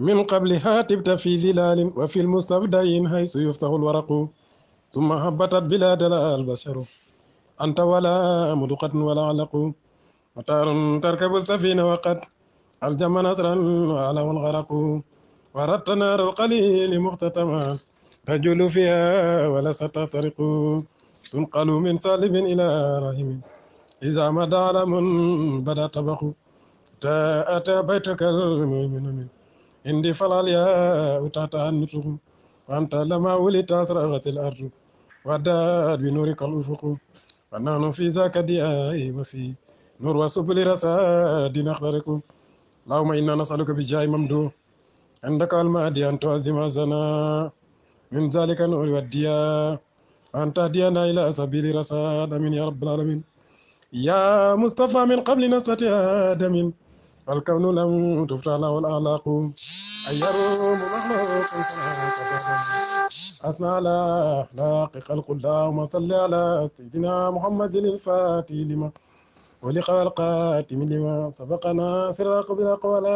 من قبلها تبت في ظلال وفي المستبدين حيث يفتح الورق ثم هبطت بلا دلال البشر أنت ولا مدقة ولا علق مطار تركب السفينة وقد ألجم نثرا وعلى الغرق وردت نار القليل مختتما تجول فيها ولست تطرق تنقل من سالب إلى رحم إذا ما علم بدا طبق تأتى بيتك المؤمن منه عندي فلا الياء وتعطى النسخ وأنت لما ولدت أسرغت الأرض وداد بنورك الأفق ونحن في ذاك ديائم في نور وسبل رساد نخضركم اللهم إنا نسألك بجاه ممدوح عندك المهدي أن تعزم زنا من ذلك نور والدياء أن تهدينا إلى سبيل رساد أمين يا رب العالمين يا مصطفى من قبل نستطيع آدم فالكون لم تفتح له الاعلاق أي الروم مخلوق أثنى على أخلاق خلق وما صلي على سيدنا محمد الفاتي لما ولقاء القاتم لما سبقنا سراق بالأقوال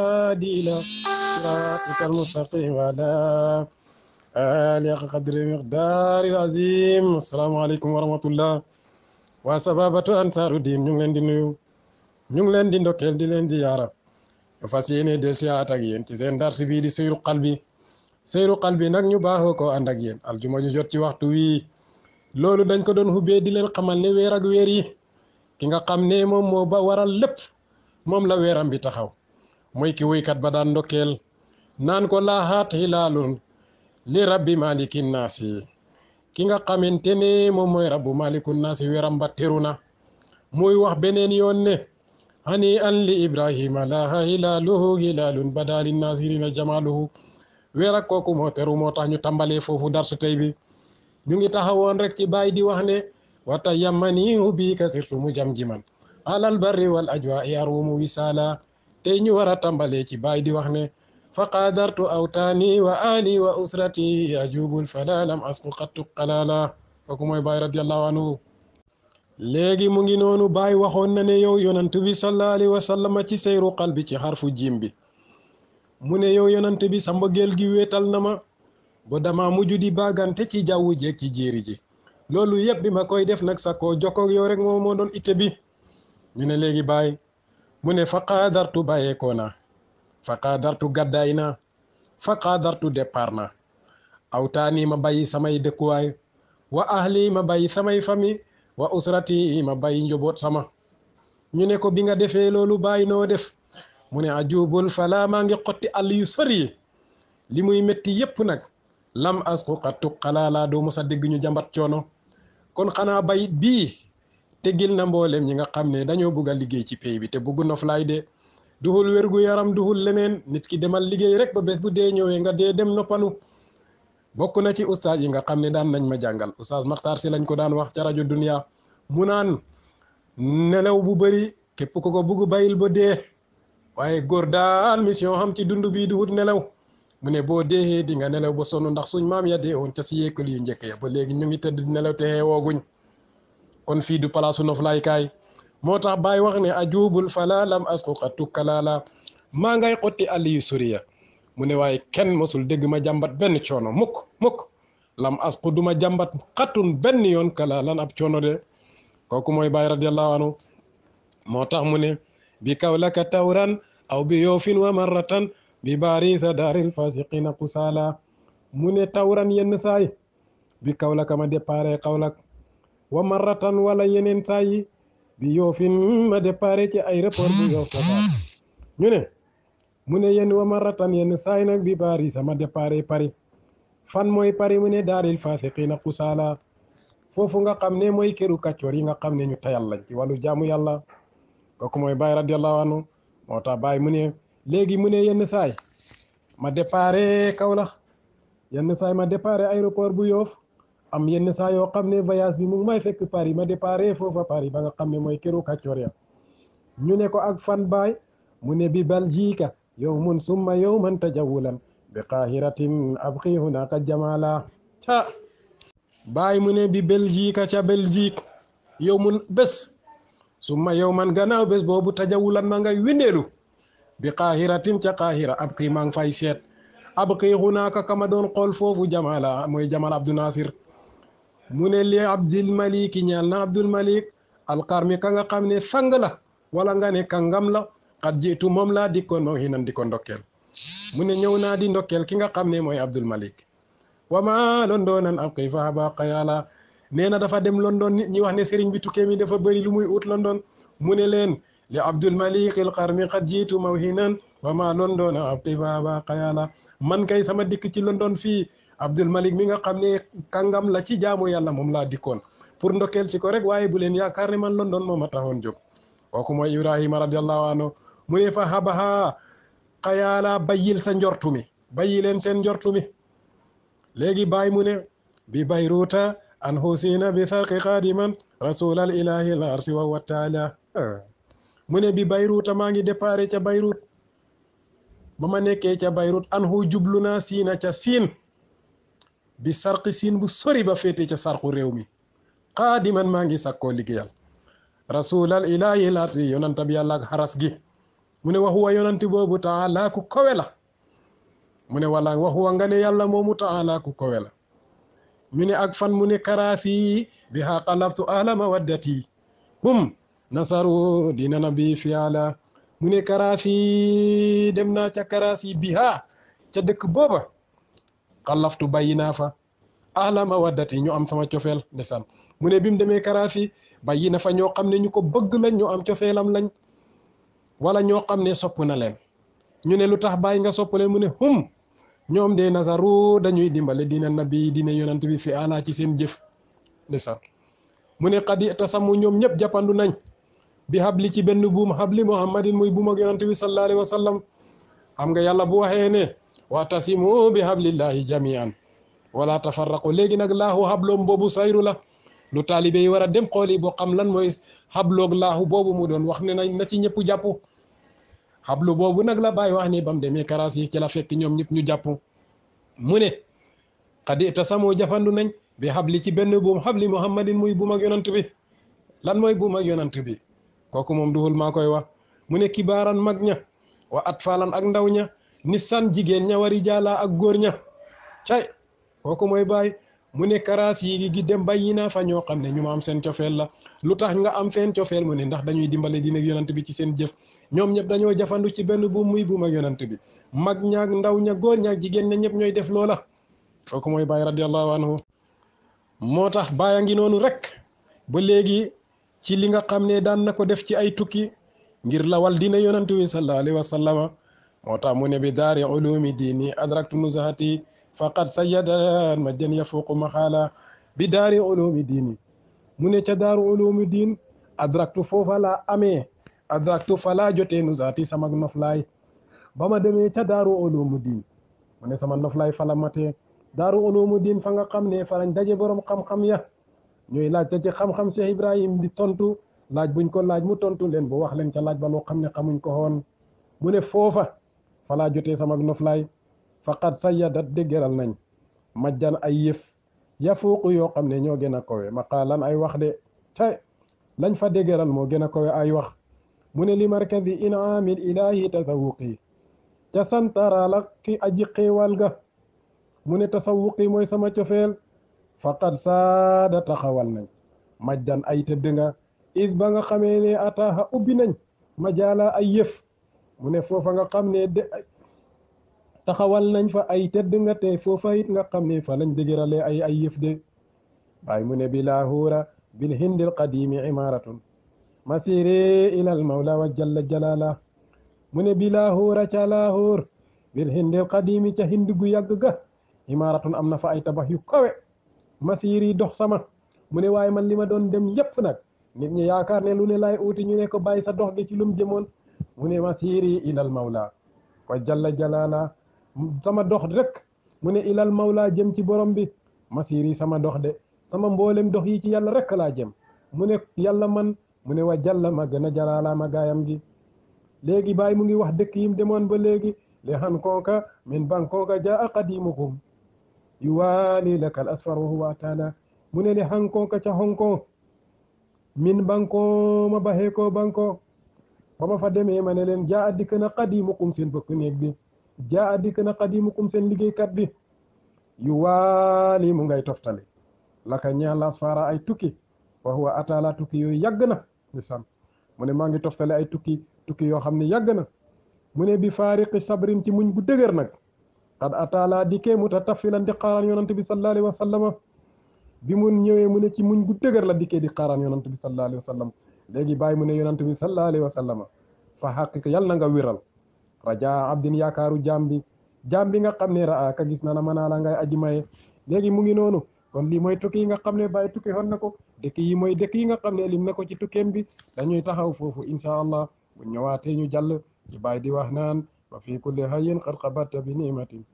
ديلا صراطك المستقيم على آل قدر مقدار العظيم السلام عليكم ورحمة الله وسبابة أنصار الدين ñu ngi نيو di nuyu ñu ngi leen di ndokkeel di leen ziyaara fas yéene del siyaat ak yéen ci seen di seyru qalbi seyru qalbi nak ñu baaxo ko and ak yéen aljuma ñu jot ci waxtu wi lolu dañ ko doon hubbe di leen xamal ne weer ak weer yi ki nga xamne mom mo ba waral lepp mom la weeram bi taxaw moy ki kat ba daan ndokel nan ko hat hilalun li rabbi malikin naasi ki nga xamantene mom moy rabbu malikun naasi weeram ba teruna moy wax benen هنيئا لإبراهيم لا هلاله هلال بدا للناظرين جماله weer ak kooku moo teru moo tax ñu tàmbalee foofu darsu tey bi ñu ngi taxawoon rek ci baay di wax ne wata yamani hubi ka sirtu mu jam ji man alal barri wal ajwa arumu wisaala tey ñu war a tàmbalee ci baay di wax ne fa qadartu awtaani wa ali wa usrati ajubul fala lam asqu qattu qalaala kooku mooy baay radiallahu anhu leegi mu ngi noonu baay waxoon na ne yow yonant bi sala alayi wasalama ci seyru xalbi ci xarfu jim bi mu ne yow yonant bi samba gel gi wéetal na ma ba dama mujju di baagante ci jawu jeeg ci jéeri ji loolu yépp bi ma koy def nag sakkoo jokkoog yow rek moo moo doon itte bi ñu ne léegi baay mu ne fa qaadartu bàyyeekoo naa fa qaadartu gàddaay naa fa qaadartu départ naa awtaani ma bàyyi samay dëkkuwaay wa ahli ma bàyyi samay famille wa usrati ma bayijo boɗ sama ñune ko binga defeelolu bayino def mune a juubol falamange qotti allah yu sori limuy metti yépp nag lam asku qattu qalala dow mosa déggñu jambat coono kon xana bay bii tegil na mboolem ñi nga xam ne dañoo bugga liggéey ci pey bi te buggu noflaay de duhul wergu yaram duhul leneen nit ki demal liggéey rek ba bes bu dee ñowee nga dee dem noppalu bokk na ci ustaas yi nga xam ne daan nañ ma jàngal ustaas maxtar si lañ ko daan wax ca rajo dunia mu naan nelaw bu bëri képp ko ko bugg bayil ba dee waaye góor daal mission xam ci dund bii di wut nelaw mu ne boo dee di nga nelaw ba sonn ndax suñ maam ya dee woon ca si yékkal yu njëkk ya ba léegi ñu ngi tëdd nelaw te xeewooguñ kon fii du palaasu noflaay kaay moo tax Baay wax ne ajuubul fala lam asqu qattu kalaala maa ngay xotti àll yu mu ne waaye kenn mosul dégg ma jàmbat benn coono mukk mukk lam asku duma jàmbat xatun benn yoon kala lan ab coono de kooku mooy Baay radiyallahu anhu moo tax mu ne bi kawlaka tawran aw bi yoofin wa marratan bi baarisa daaril fasiqina kusaala mu ne tawran yenn saay bi kawlaka ma dépare kawlak wa marratan wala yeneen saay bi yoofin ma dépare ci aéroport bu yoof ñu ne mu ne yenn wa maratan yenn saay nag bi baari ma dépare pari fan mooy pari mu ne daaril faasiqiina xusaala foofu nga xam ne mooy këru kàccoor yi nga xam ne ñu tayal lañ ci wàllu jaamu yàlla kooku mooy Baye radiallahu anhu moo tax Baye mu ne léegi mu yenn saay ma dépare Kaolack yenn saay ma dépare aéroport bu Yoff am yenn saa yoo xam ne voyage bi mu may fekk Paris ma dépare foofa Paris ba nga xam ne mooy këru kàccoor ya ñu ne ko ak fan baay mu ne bi Belgique Yomun summa yawman tajawulan bi qahiratin abqi hunaka jamala ta baay mu ne bi belgique ca belgique yawmun bés summa yawman gannaaw bes boobu tajawulan ma ngay windeelu bi qahiratin ca qahira abqi maa ngi fay seet abqi hunaka kama doon xool foofu jamala mooy jamal abdu nasir mu ne malik ñaal na abdul malik alqarmi ka nga kamne ne sang kangamla xat jiitu moom laa dikkoon mom hinan di ko ndokkeel mu di dokkel, ki nga xamne moy Abdul Malik wama londonan am koy fa ba qayala nee dafa dem London ñi wax ne serigne bi tuké mi dafa bari lu muy ut London mune len le li Abdul Malik al Qarmi xat jiitu mawhinan wama london an aqifa ba qayala man kay sama dik ci London fi Abdul Malik mi nga xamne kangam la ci jaamu yàlla moom laa dikkoon pour ndokel ci ko rek waye bu len man London mo ma taxoon وكما إبراهيم رضي الله عنه مريفا هبها قيالا بيل سنجرتمي بيل سنجرتمي لغي باي من بي بيروتا أن حسين بثاق قادما رسول الإله الأرس وهو تعالى من بي بيروتا ماغي دباري تا بيروت بما نكي تا بيروت أن هو جبلنا سينا تا سين بسرق سين بسوري بفيتي تا سرق ريومي قادما ماغي سكو لغيال rasulal ilahi larti yonanta bi yàlla ak xaras gi mu ne waxuwa yonanti boobu taala ku kowe la mu ne wala waxuwa nga ne yàlla moomu taala ku kowe la ne ak fan mu ne karaafi bi ha qalaftu ahla mawaddati hum nasaru dina nabi fiala mu ne karaafi dem naa ca karaasi bi ha ca dëkk booba qalaftu bàyyi naa fa ahla mawaddati ñu am sama cofeel ndeysaan mu ne bi demee karaafi bàyyi na fa ñoo xam ne ñu ko bëgg lañ ñu am cofeelam lañ wala ñoo xam ne sopp na leen ñu ne lu tax bàyyi nga soppale mu ne hum ñoom de nazaru dañuy dimbale dina nabi dina yonant bi fi ala ci seen jëf sa mu ne qadi tasamu ñoom ñep jappandu nañ bi habli ci benn buum habli muhammadin muy buum ak bi sallallahu alayhi wasallam sallam xam nga yalla bu waxee ne watasimu bi hablillahi jamian wala tafarraqu legi nak lahu hablom bobu sayru la lu taalibe yi war a dem xooli boo xam lan mooy xabloog laahu boobu mu doon wax ne na ci ñëpp jàpp xablu boobu nag la bàyyi wax ni bam demee karaas yi ci la fekk ñoom ñëpp ñu jàpp mu ne xadi te samoo jafandu nañ bi xabli ci benn buum xabli muhammadin muy bu ak yonant bi lan mooy buum ak yonant bi kooku moom duhul maa koy wax mu ne kibaaran mag ña wa at falan ak ndaw ña ni san jigéen ña wari jaala ak góor ña cay kooku mooy bàyyi mu ne karaas yii gi dem bàyyi naa fa ñoo xam ne ñu am seen cofeel la lu tax nga am seen cofeel mu ne ndax dañuy dimbale diine ak yonant bi ci seen jëf ñoom ñëpp dañoo jafandu ci benn buum muy buum ak yonant bi mag ñaag ndaw ña góor ñaag jigéen ña ñëpp ñooy def loola kooku mooy Baay radiallahu anhu moo tax Baay a ngi noonu rek ba léegi ci li nga xam ne daan na ko def ci ay tukki ngir lawal diine yonant bi sallallahu alayhi wa sallama moo tax mu ne bi daari ulumi diini adraktu nuzahati faqad sayyada majjan yafuqu maxaala bi daari ulumi diini mu ne ca daaru ulumi diin adraktu foofa laa amee adraktu fa laa jotee nu zaati sama noflaay ba ma demee ca daaru ulumi diin mu ne sama noflaay fa la matee daaru ulumi diin fa nga xam ne fa lañ daje borom xam-xam ya ñooy laajte ci xam-xam Cheikh Ibrahim di tontu laaj buñ ko laaj mu tontu leen bu wax leen ca laaj ba loo xam ne xamuñ ko woon mu ne foofa fa laa jotee sama noflaay. faqat sayyadat déggeral nañ majjan ay yëf yafuuqu yoo xam ne ñoo gën a kowe maqaalan ay wax de te lañ fa déggeral moo gën a kowe ay wax mu ne li markazi inaamil ilaahi tasawuqi ca santaraala ki aji xéewal ga mu ne tasawuqi mooy sama cofeel faqat saada taxawal nañ majjan ay tëdd nga is ba nga xamee ne ataaxa ubbi nañ majaala ay yëf mu ne foofa nga xam ne de taxawal nañ fa ay tedd nga te foofa it nga xam ne fa lañ dëgërale ay ay yëf de mu ne bi laahuura bil hindil qadimi imaratun masiri ilal mawla wa jalla jalala mu ne bi laahuura ca laahuur bil hindil yàgg ga imaratun am na fa ay tabax yu kawe masiri dox sama mu ne waaye man li ma doon dem yépp nag nit ñi yaakaar ne lu ne laay uuti ñu ne ko bàyyi sa dox gi ci lum jëmoon mu ne masiri ilal mawla wa jalla jalala sama dox rek mu ne ilal laa jëm ci borom bi masir yi sama dox de sama mboolem dox yi ci yàlla rek laa jëm mu ne yàlla man mu ne wa jàlla ma gën a jalaalaa ma gaayam gi léegi bàyyi mu ngi wax dëkk yim demoon ba léegi li xan kooka min ban kooka jaa qadimukum yuwaali lakal asfar wa huwa mu ne li xan kooka ca Hong Kong min banko ma baxee ko banko ba ma fa demee ma ne leen jaa dikk na qadimukum seen bëkk néeg bi jaa dikk na yi xadimukum seen liggéeykat bi yu waali mu ngay toftale laka ñaa las faara ay tukki wax wa ataala tukki yooyu yàgg na di san mu ne maa ngi toftale ay tukki tukki yoo xam ne yàgg na mu ne bi faariqi sabrin ci muñ gu dëgër nag xad ataala dikkee mu ta tafilan di xaaraan yonante bi sallallahu alayhi wa sallama bi mu ñëwee mu ne ci muñ gu dëgër la dikkee di xaaraan yonante bi sallallahu alayhi wa sallam léegi bàyyi mu ne yonante bi sallallahu alayhi wa sallama fa xaqiq yàlla na nga wiral rajaa abdin yaakaaru jaam bi jaam bi nga xam ne raa ka gis na la mën naa la ngay aji maye léegi mu ngi noonu kon lii mooy tukki yi nga xam ne bàyyi tukki xon na ko dëkk yi mooy dëkk yi nga xam ne lim na ko ci tukkeem bi dañuy taxaw foofu incha allah bu ñëwaatee ñu jàll ci bàyyi di wax naan wa fi kulli hayin qad qabatta bi nimatin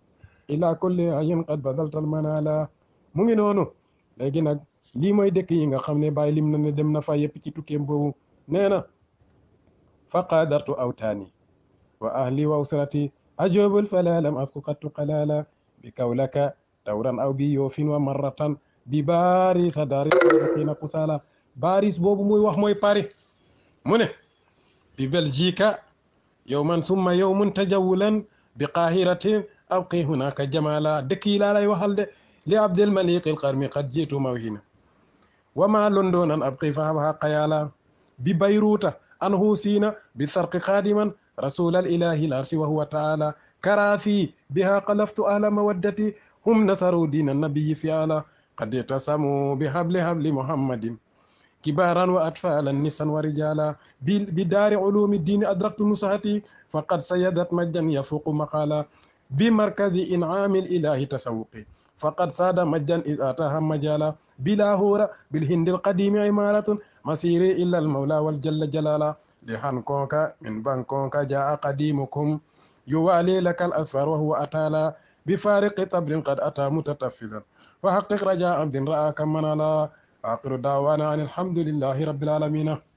ila kulli hayin qad badaltal manala mu ngi noonu léegi nag lii mooy dëkk yi nga xam ne bàyyi lim na ne dem na fa yëpp ci tukkeem boobu nee na fa qadartu awtaani وأهلي وأسرتي أجوب الفلا لم أسك قط قلالا بكولك دورا أو بيوف ومرة بباريس بباري صدار قسالا باريس بوب موي واخ موي باري منه ببلجيكا يوما ثم يوم تجولا بقاهرة أبقي هناك جمالا دكي لا وحل وهل لعبد المليق القرمي قد جئت موهنا وما لندن أبقي فهبها قيالا ببيروت أنهو سينا بسرق قادما رسول الإله العرش وهو تعالى كرافي بها قلفت أهل مودتي هم نصروا دين النبي فعلا قد اعتصموا بحبل حبل محمد كبارا وأطفالا نسا ورجالا بدار علوم الدين أدركت نصحتي فقد سيدت مجدا يفوق مقالا بمركز إنعام الإله تسوقي فقد ساد مجدا إذ أتاها مجالا بلا هورة بالهند القديم عمارة مسيري إلا المولى والجل جلالا لحن كونك من بان كونك جاء قديمكم يوالي لك الأسفار وهو أتالا بفارق طبل قد أتى متتفذا فحقق رجاء عبد رأى كمنا لا آخر دعوانا عن الحمد لله رب العالمين